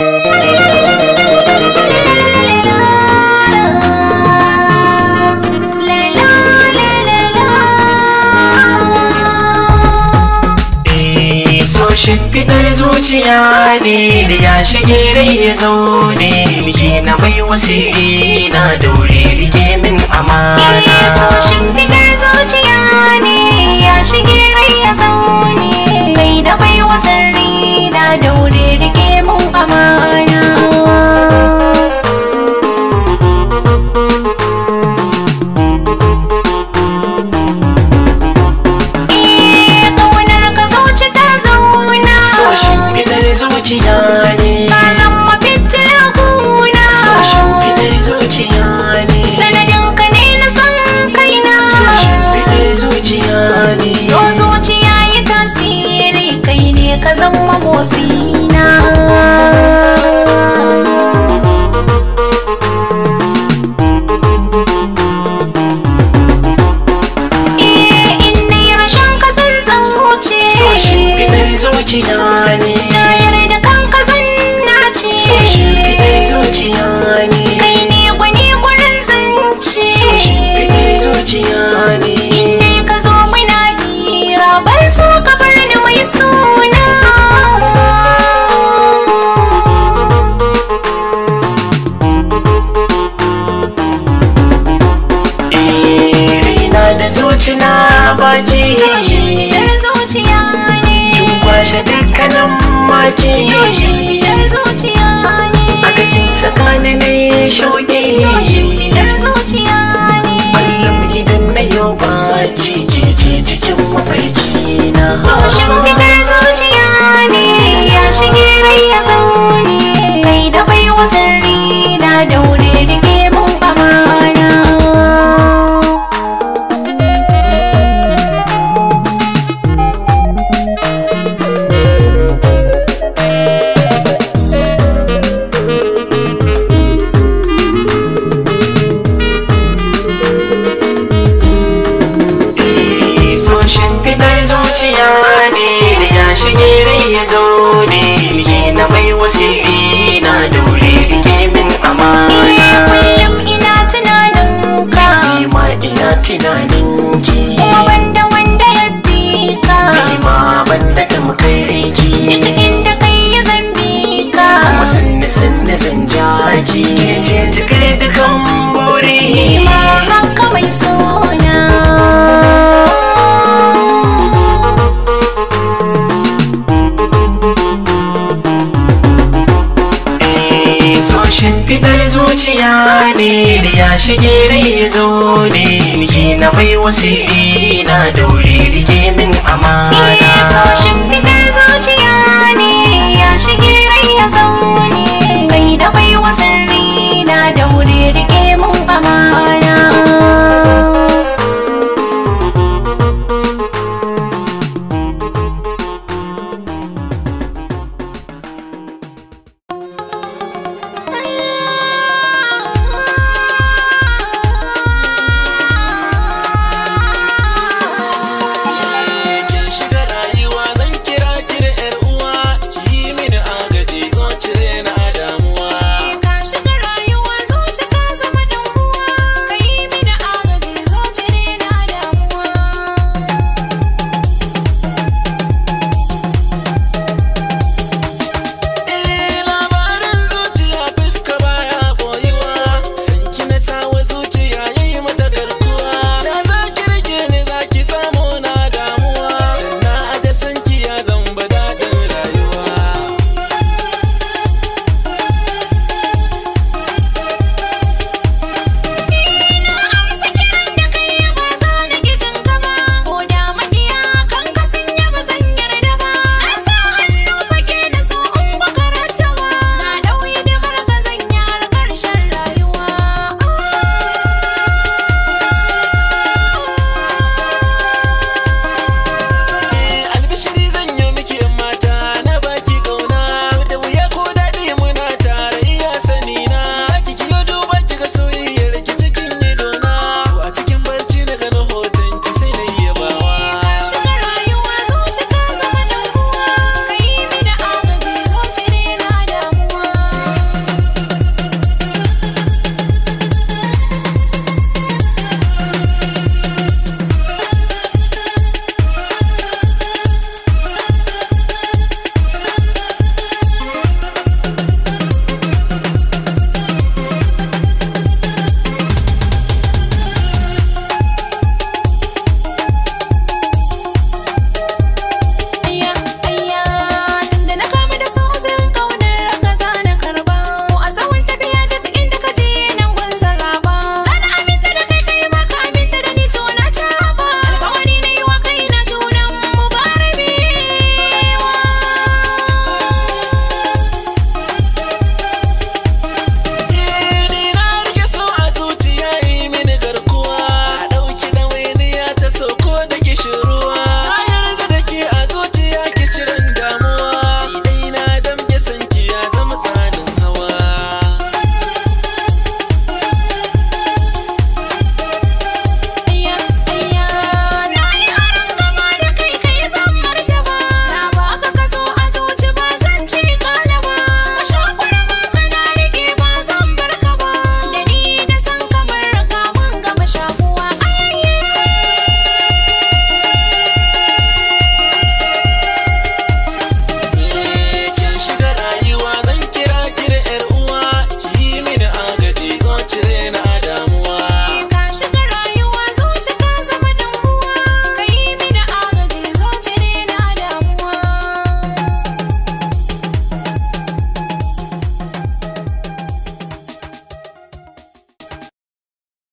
Eh, shimfidar zuciya ne da ya shige rai ya zo ne miki na mai wasiri na daure rike min amana. Ina eh, so zuciya ne ya shige rai ya zo Soshi da zuciya ne Kin kwashe dukkanin maki Soshi da zuciya ne Aka kin sakani ne shauki Soshi wasifina dole rike min amana kullum ina tunanin ka ma ina tunanin ki wanda wanda ya bi ka ma banda tamkar ki inda kai ya zambi ka kuma sanne sanne zan jaki shimfidar zuciya ne da ya shige rai zo ne ke na bai wasu na daure rike min amana